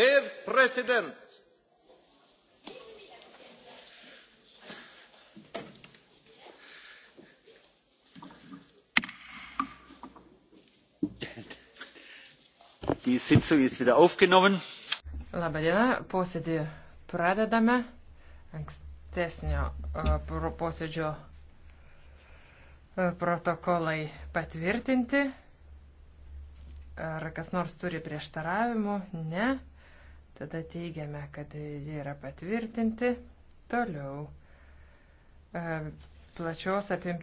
Dear President, Die Sitzung ist wieder aufgenommen. Labadiena, posėdį pradedame. Ankstesnio e, posėdžio e, protokolai patvirtinti. Ar kas nors turi prieštaravimų? Ne. Tada teigiame, kad jie yra patvirtinti. Toliau. E, plačios apimti.